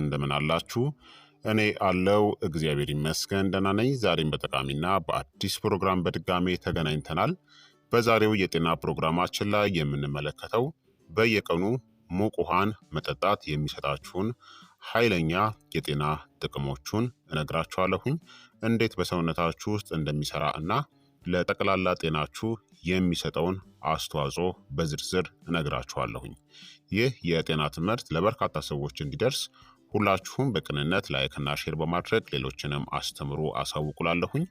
እንደምን አላችሁ? እኔ አለው እግዚአብሔር ይመስገን ደህና ነኝ። ዛሬም በጠቃሚና በአዲስ ፕሮግራም በድጋሜ ተገናኝተናል። በዛሬው የጤና ፕሮግራማችን ላይ የምንመለከተው በየቀኑ ሙቅ ውሃን መጠጣት የሚሰጣችሁን ኃይለኛ የጤና ጥቅሞቹን እነግራችኋለሁኝ። እንዴት በሰውነታችሁ ውስጥ እንደሚሰራ እና ለጠቅላላ ጤናችሁ የሚሰጠውን አስተዋጽኦ በዝርዝር እነግራችኋለሁኝ። ይህ የጤና ትምህርት ለበርካታ ሰዎች እንዲደርስ ሁላችሁም በቅንነት ላይክና ሼር በማድረግ ሌሎችንም አስተምሩ አሳውቁላለሁኝ።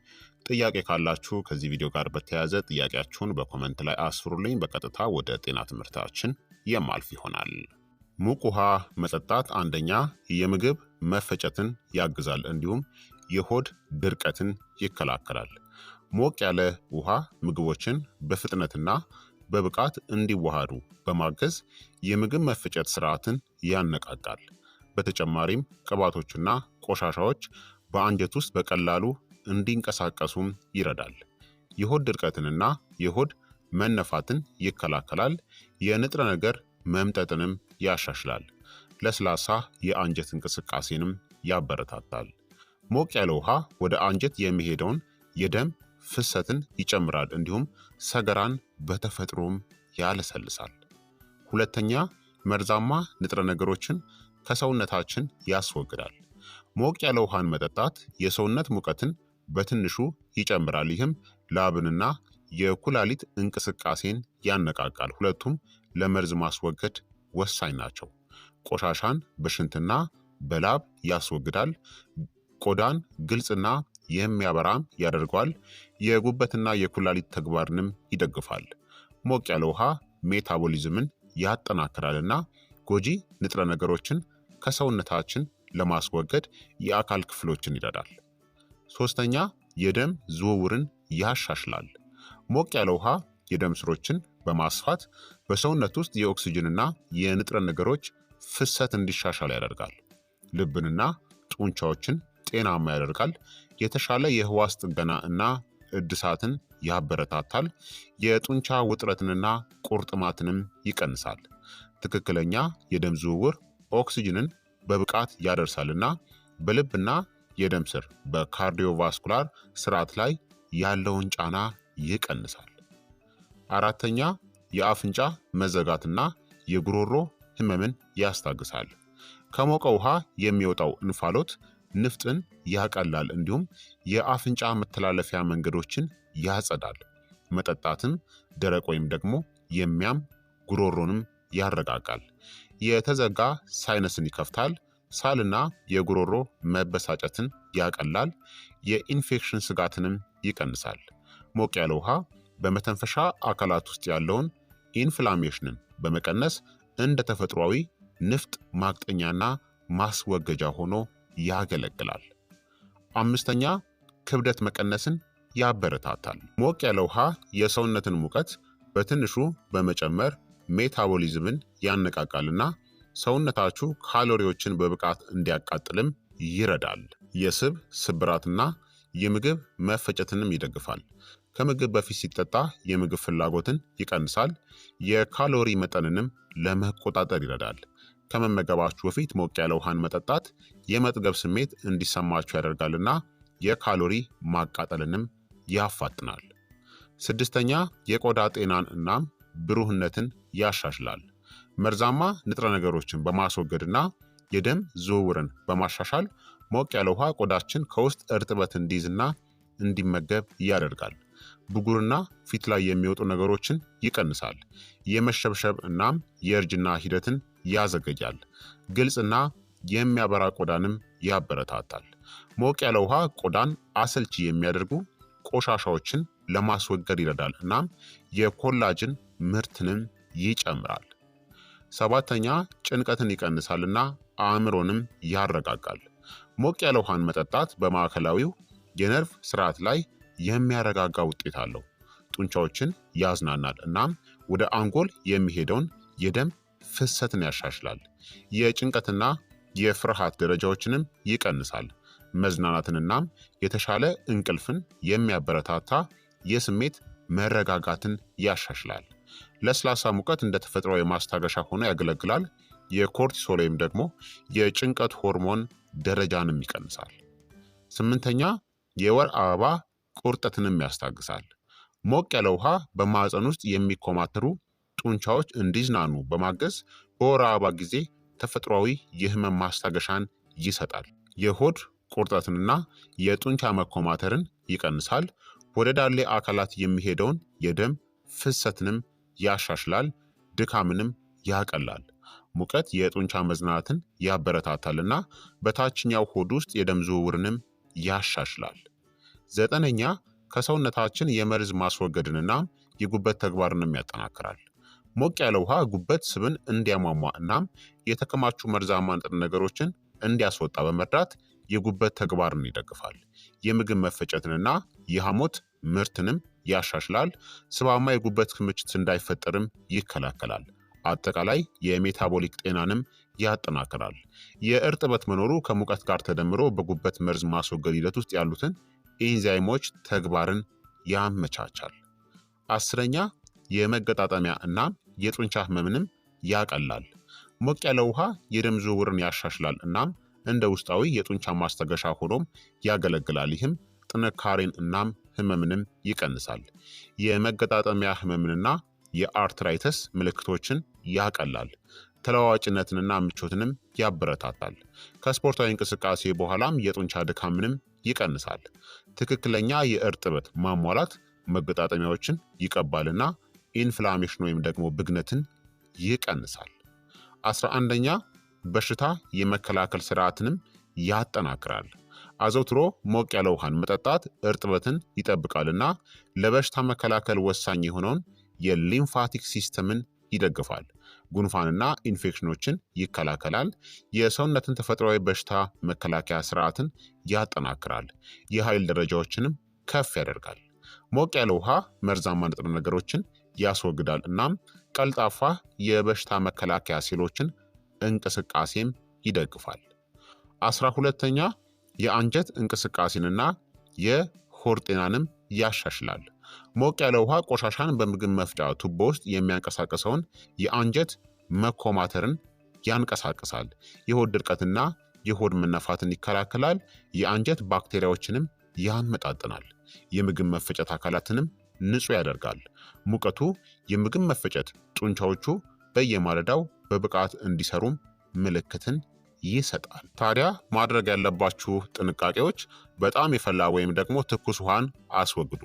ጥያቄ ካላችሁ ከዚህ ቪዲዮ ጋር በተያያዘ ጥያቄያችሁን በኮመንት ላይ አስፍሩልኝ። በቀጥታ ወደ ጤና ትምህርታችን የማልፍ ይሆናል። ሙቅ ውሃ መጠጣት አንደኛ የምግብ መፈጨትን ያግዛል፣ እንዲሁም የሆድ ድርቀትን ይከላከላል። ሞቅ ያለ ውሃ ምግቦችን በፍጥነትና በብቃት እንዲዋሃዱ በማገዝ የምግብ መፈጨት ስርዓትን ያነቃቃል። በተጨማሪም ቅባቶችና ቆሻሻዎች በአንጀት ውስጥ በቀላሉ እንዲንቀሳቀሱም ይረዳል። የሆድ ድርቀትንና የሆድ መነፋትን ይከላከላል። የንጥረ ነገር መምጠጥንም ያሻሽላል። ለስላሳ የአንጀት እንቅስቃሴንም ያበረታታል። ሞቅ ያለ ውሃ ወደ አንጀት የሚሄደውን የደም ፍሰትን ይጨምራል፣ እንዲሁም ሰገራን በተፈጥሮም ያለሰልሳል። ሁለተኛ መርዛማ ንጥረ ነገሮችን ከሰውነታችን ያስወግዳል። ሞቅ ያለ ውሃን መጠጣት የሰውነት ሙቀትን በትንሹ ይጨምራል። ይህም ላብንና የኩላሊት እንቅስቃሴን ያነቃቃል። ሁለቱም ለመርዝ ማስወገድ ወሳኝ ናቸው። ቆሻሻን በሽንትና በላብ ያስወግዳል። ቆዳን ግልጽና የሚያበራም ያደርገዋል። የጉበትና የኩላሊት ተግባርንም ይደግፋል። ሞቅ ያለ ውሃ ሜታቦሊዝምን ያጠናክራልና ጎጂ ንጥረ ነገሮችን ከሰውነታችን ለማስወገድ የአካል ክፍሎችን ይረዳል። ሶስተኛ የደም ዝውውርን ያሻሽላል። ሞቅ ያለ ውሃ የደም ስሮችን በማስፋት በሰውነት ውስጥ የኦክስጅንና የንጥረ ነገሮች ፍሰት እንዲሻሻል ያደርጋል። ልብንና ጡንቻዎችን ጤናማ ያደርጋል። የተሻለ የህዋስ ጥገና እና እድሳትን ያበረታታል። የጡንቻ ውጥረትንና ቁርጥማትንም ይቀንሳል። ትክክለኛ የደም ዝውውር ኦክስጅንን በብቃት ያደርሳልና በልብና የደም ስር በካርዲዮቫስኩላር ስርዓት ላይ ያለውን ጫና ይቀንሳል። አራተኛ የአፍንጫ መዘጋትና የጉሮሮ ህመምን ያስታግሳል። ከሞቀ ውሃ የሚወጣው እንፋሎት ንፍጥን ያቀላል፣ እንዲሁም የአፍንጫ መተላለፊያ መንገዶችን ያጸዳል። መጠጣትም ደረቅ ወይም ደግሞ የሚያም ጉሮሮንም ያረጋጋል። የተዘጋ ሳይነስን ይከፍታል። ሳልና የጉሮሮ መበሳጨትን ያቀላል። የኢንፌክሽን ስጋትንም ይቀንሳል። ሞቅ ያለ ውሃ በመተንፈሻ አካላት ውስጥ ያለውን ኢንፍላሜሽንን በመቀነስ እንደ ተፈጥሯዊ ንፍጥ ማቅጠኛና ማስወገጃ ሆኖ ያገለግላል። አምስተኛ ክብደት መቀነስን ያበረታታል። ሞቅ ያለ ውሃ የሰውነትን ሙቀት በትንሹ በመጨመር ሜታቦሊዝምን ያነቃቃልና ሰውነታችሁ ካሎሪዎችን በብቃት እንዲያቃጥልም ይረዳል። የስብ ስብራትና የምግብ መፈጨትንም ይደግፋል። ከምግብ በፊት ሲጠጣ የምግብ ፍላጎትን ይቀንሳል። የካሎሪ መጠንንም ለመቆጣጠር ይረዳል። ከመመገባችሁ በፊት ሞቅ ያለ ውሃን መጠጣት የመጥገብ ስሜት እንዲሰማችሁ ያደርጋልና የካሎሪ ማቃጠልንም ያፋጥናል። ስድስተኛ የቆዳ ጤናን እናም ብሩህነትን ያሻሽላል። መርዛማ ንጥረ ነገሮችን በማስወገድና የደም ዝውውርን በማሻሻል ሞቅ ያለ ውሃ ቆዳችን ከውስጥ እርጥበት እንዲይዝና እንዲመገብ ያደርጋል። ብጉርና ፊት ላይ የሚወጡ ነገሮችን ይቀንሳል። የመሸብሸብ እናም የእርጅና ሂደትን ያዘገጃል። ግልጽና የሚያበራ ቆዳንም ያበረታታል። ሞቅ ያለ ውሃ ቆዳን አሰልቺ የሚያደርጉ ቆሻሻዎችን ለማስወገድ ይረዳል እናም የኮላጅን ምርትንም ይጨምራል። ሰባተኛ ጭንቀትን ይቀንሳልና አእምሮንም ያረጋጋል። ሞቅ ያለ ውሃን መጠጣት በማዕከላዊው የነርቭ ስርዓት ላይ የሚያረጋጋ ውጤት አለው። ጡንቻዎችን ያዝናናል እናም ወደ አንጎል የሚሄደውን የደም ፍሰትን ያሻሽላል። የጭንቀትና የፍርሃት ደረጃዎችንም ይቀንሳል። መዝናናትንናም የተሻለ እንቅልፍን የሚያበረታታ የስሜት መረጋጋትን ያሻሽላል። ለስላሳ ሙቀት እንደ ተፈጥሯዊ ማስታገሻ ሆኖ ያገለግላል። የኮርቲሶል ወይም ደግሞ የጭንቀት ሆርሞን ደረጃንም ይቀንሳል። ስምንተኛ የወር አበባ ቁርጠትንም ያስታግሳል። ሞቅ ያለ ውሃ በማዕፀን ውስጥ የሚኮማተሩ ጡንቻዎች እንዲዝናኑ በማገዝ በወር አበባ ጊዜ ተፈጥሯዊ የህመም ማስታገሻን ይሰጣል። የሆድ ቁርጠትንና የጡንቻ መኮማተርን ይቀንሳል። ወደ ዳሌ አካላት የሚሄደውን የደም ፍሰትንም ያሻሽላል፣ ድካምንም ያቀላል። ሙቀት የጡንቻ መዝናናትን ያበረታታልና በታችኛው ሆድ ውስጥ የደም ዝውውርንም ያሻሽላል። ዘጠነኛ ከሰውነታችን የመርዝ ማስወገድንና የጉበት ተግባርንም ያጠናክራል። ሞቅ ያለ ውሃ ጉበት ስብን እንዲያሟሟ እናም የተከማቹ መርዛማ ንጥረ ነገሮችን እንዲያስወጣ በመርዳት የጉበት ተግባርን ይደግፋል። የምግብ መፈጨትንና የሐሞት ምርትንም ያሻሽላል። ስባማ የጉበት ክምችት እንዳይፈጠርም ይከላከላል። አጠቃላይ የሜታቦሊክ ጤናንም ያጠናክራል። የእርጥበት መኖሩ ከሙቀት ጋር ተደምሮ በጉበት መርዝ ማስወገድ ሂደት ውስጥ ያሉትን ኤንዛይሞች ተግባርን ያመቻቻል። አስረኛ የመገጣጠሚያ እናም የጡንቻ ህመምንም ያቀላል። ሞቅ ያለ ውሃ የደም ዝውውርን ያሻሽላል እናም እንደ ውስጣዊ የጡንቻ ማስታገሻ ሆኖም ያገለግላል። ይህም ጥንካሬን እናም ህመምንም ይቀንሳል። የመገጣጠሚያ ህመምንና የአርትራይተስ ምልክቶችን ያቀላል። ተለዋዋጭነትንና ምቾትንም ያበረታታል። ከስፖርታዊ እንቅስቃሴ በኋላም የጡንቻ ድካምንም ይቀንሳል። ትክክለኛ የእርጥበት ማሟላት መገጣጠሚያዎችን ይቀባልና ኢንፍላሜሽን ወይም ደግሞ ብግነትን ይቀንሳል። አስራ አንደኛ በሽታ የመከላከል ስርዓትንም ያጠናክራል። አዘውትሮ ሞቅ ያለ ውሃን መጠጣት እርጥበትን ይጠብቃልና ለበሽታ መከላከል ወሳኝ የሆነውን የሊምፋቲክ ሲስተምን ይደግፋል። ጉንፋንና ኢንፌክሽኖችን ይከላከላል። የሰውነትን ተፈጥሯዊ በሽታ መከላከያ ስርዓትን ያጠናክራል። የኃይል ደረጃዎችንም ከፍ ያደርጋል። ሞቅ ያለ ውሃ መርዛማ ንጥረ ነገሮችን ያስወግዳል እናም ቀልጣፋ የበሽታ መከላከያ ሴሎችን እንቅስቃሴም ይደግፋል። አስራ ሁለተኛ የአንጀት እንቅስቃሴንና የሆድ ጤናንም ያሻሽላል። ሞቅ ያለ ውሃ ቆሻሻን በምግብ መፍጫ ቱቦ ውስጥ የሚያንቀሳቅሰውን የአንጀት መኮማተርን ያንቀሳቅሳል። የሆድ ድርቀትና የሆድ መነፋትን ይከላከላል። የአንጀት ባክቴሪያዎችንም ያመጣጥናል። የምግብ መፈጨት አካላትንም ንጹህ ያደርጋል። ሙቀቱ የምግብ መፈጨት ጡንቻዎቹ በየማለዳው በብቃት እንዲሰሩም ምልክትን ይሰጣል። ታዲያ ማድረግ ያለባችሁ ጥንቃቄዎች በጣም የፈላ ወይም ደግሞ ትኩስ ውሃን አስወግዱ።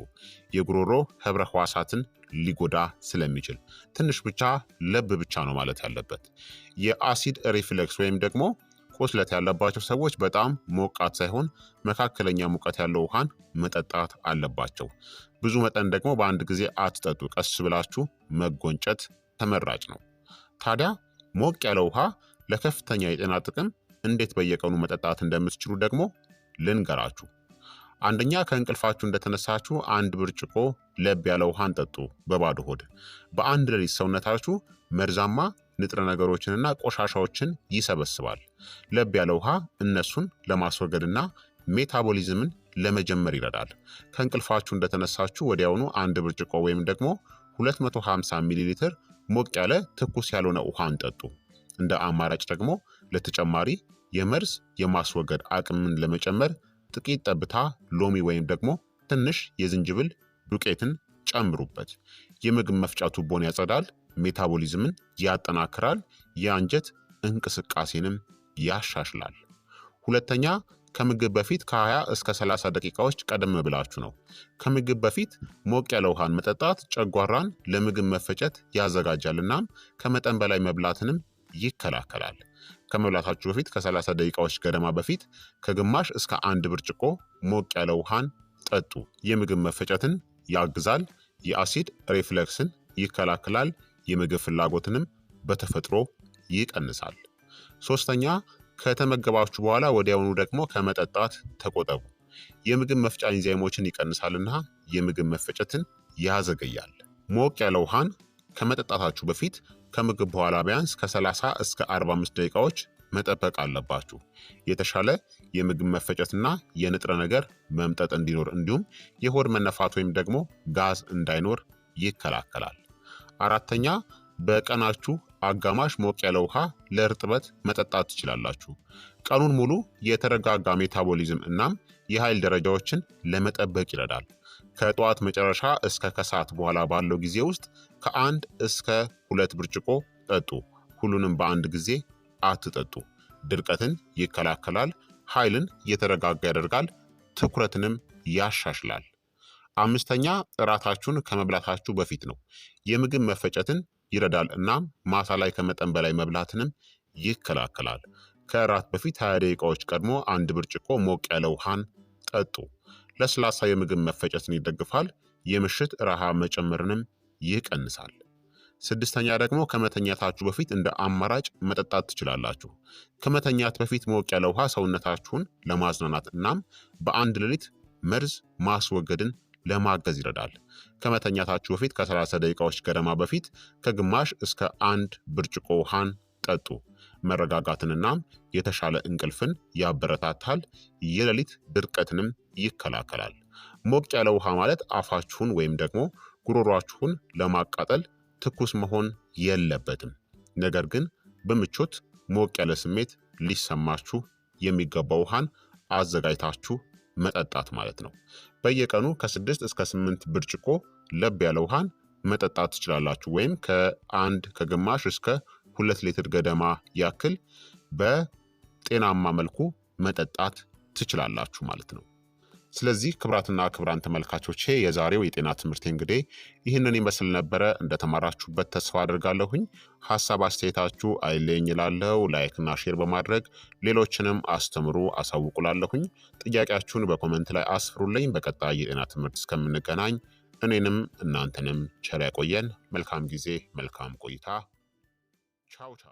የጉሮሮ ህብረ ህዋሳትን ሊጎዳ ስለሚችል ትንሽ ብቻ ለብ ብቻ ነው ማለት ያለበት። የአሲድ ሪፍሌክስ ወይም ደግሞ ቁስለት ያለባቸው ሰዎች በጣም ሞቃት ሳይሆን መካከለኛ ሙቀት ያለው ውሃን መጠጣት አለባቸው። ብዙ መጠን ደግሞ በአንድ ጊዜ አትጠጡ። ቀስ ብላችሁ መጎንጨት ተመራጭ ነው። ታዲያ ሞቅ ያለ ውሃ ለከፍተኛ የጤና ጥቅም እንዴት በየቀኑ መጠጣት እንደምትችሉ ደግሞ ልንገራችሁ። አንደኛ ከእንቅልፋችሁ እንደተነሳችሁ አንድ ብርጭቆ ለብ ያለ ውሃን ጠጡ። በባዶ ሆድ በአንድ ሌሊት ሰውነታችሁ መርዛማ ንጥረ ነገሮችንና ቆሻሻዎችን ይሰበስባል። ለብ ያለ ውሃ እነሱን ለማስወገድና ሜታቦሊዝምን ለመጀመር ይረዳል። ከእንቅልፋችሁ እንደተነሳችሁ ወዲያውኑ አንድ ብርጭቆ ወይም ደግሞ 250 ሚሊ ሊትር ሞቅ ያለ ትኩስ ያልሆነ ውሃን ጠጡ። እንደ አማራጭ ደግሞ ለተጨማሪ የመርዝ የማስወገድ አቅምን ለመጨመር ጥቂት ጠብታ ሎሚ ወይም ደግሞ ትንሽ የዝንጅብል ዱቄትን ጨምሩበት። የምግብ መፍጫ ቱቦን ያጸዳል፣ ሜታቦሊዝምን ያጠናክራል፣ የአንጀት እንቅስቃሴንም ያሻሽላል። ሁለተኛ ከምግብ በፊት ከ20 እስከ 30 ደቂቃዎች ቀደም ብላችሁ ነው። ከምግብ በፊት ሞቅ ያለ ውሃን መጠጣት ጨጓራን ለምግብ መፈጨት ያዘጋጃል። እናም ከመጠን በላይ መብላትንም ይከላከላል። ከመብላታችሁ በፊት ከ30 ደቂቃዎች ገደማ በፊት ከግማሽ እስከ አንድ ብርጭቆ ሞቅ ያለ ውሃን ጠጡ። የምግብ መፈጨትን ያግዛል። የአሲድ ሪፍሌክስን ይከላከላል። የምግብ ፍላጎትንም በተፈጥሮ ይቀንሳል። ሶስተኛ ከተመገባችሁ በኋላ ወዲያውኑ ደግሞ ከመጠጣት ተቆጠቡ። የምግብ መፍጫ ኢንዛይሞችን ይቀንሳልና የምግብ መፈጨትን ያዘገያል። ሞቅ ያለ ውሃን ከመጠጣታችሁ በፊት ከምግብ በኋላ ቢያንስ ከ30 እስከ 45 ደቂቃዎች መጠበቅ አለባችሁ። የተሻለ የምግብ መፈጨትና የንጥረ ነገር መምጠጥ እንዲኖር እንዲሁም የሆድ መነፋት ወይም ደግሞ ጋዝ እንዳይኖር ይከላከላል። አራተኛ በቀናችሁ አጋማሽ ሞቅ ያለ ውሃ ለእርጥበት መጠጣት ትችላላችሁ። ቀኑን ሙሉ የተረጋጋ ሜታቦሊዝም እናም የኃይል ደረጃዎችን ለመጠበቅ ይረዳል። ከጠዋት መጨረሻ እስከ ከሰዓት በኋላ ባለው ጊዜ ውስጥ ከአንድ እስከ ሁለት ብርጭቆ ጠጡ። ሁሉንም በአንድ ጊዜ አትጠጡ። ድርቀትን ይከላከላል፣ ኃይልን የተረጋጋ ያደርጋል፣ ትኩረትንም ያሻሽላል። አምስተኛ እራታችሁን ከመብላታችሁ በፊት ነው። የምግብ መፈጨትን ይረዳል እናም ማታ ላይ ከመጠን በላይ መብላትንም ይከላከላል። ከእራት በፊት 20 ደቂቃዎች ቀድሞ አንድ ብርጭቆ ሞቅ ያለ ውሃን ጠጡ። ለስላሳ የምግብ መፈጨትን ይደግፋል። የምሽት ረሃብ መጨመርንም ይቀንሳል። ስድስተኛ ደግሞ ከመተኛታችሁ በፊት እንደ አማራጭ መጠጣት ትችላላችሁ። ከመተኛት በፊት ሞቅ ያለ ውሃ ሰውነታችሁን ለማዝናናት እናም በአንድ ሌሊት መርዝ ማስወገድን ለማገዝ ይረዳል። ከመተኛታችሁ በፊት ከ30 ደቂቃዎች ገደማ በፊት ከግማሽ እስከ አንድ ብርጭቆ ውሃን ጠጡ። መረጋጋትንና የተሻለ እንቅልፍን ያበረታታል። የሌሊት ድርቀትንም ይከላከላል። ሞቅ ያለ ውሃ ማለት አፋችሁን ወይም ደግሞ ጉሮሯችሁን ለማቃጠል ትኩስ መሆን የለበትም። ነገር ግን በምቾት ሞቅ ያለ ስሜት ሊሰማችሁ የሚገባ ውሃን አዘጋጅታችሁ መጠጣት ማለት ነው። በየቀኑ ከስድስት እስከ ስምንት ብርጭቆ ለብ ያለ ውሃን መጠጣት ትችላላችሁ። ወይም ከአንድ ከግማሽ እስከ ሁለት ሊትር ገደማ ያክል በጤናማ መልኩ መጠጣት ትችላላችሁ ማለት ነው። ስለዚህ ክብራትና ክብራን ተመልካቾቼ የዛሬው የጤና ትምህርት እንግዲህ ይህንን ይመስል ነበረ። እንደተማራችሁበት ተስፋ አድርጋለሁኝ። ሀሳብ አስተያየታችሁ አይለኝ ይላለው። ላይክና ሼር በማድረግ ሌሎችንም አስተምሩ አሳውቁላለሁኝ። ጥያቄያችሁን በኮመንት ላይ አስፍሩልኝ። በቀጣይ የጤና ትምህርት እስከምንገናኝ እኔንም እናንተንም ቸር ያቆየን። መልካም ጊዜ፣ መልካም ቆይታ። 吵吵。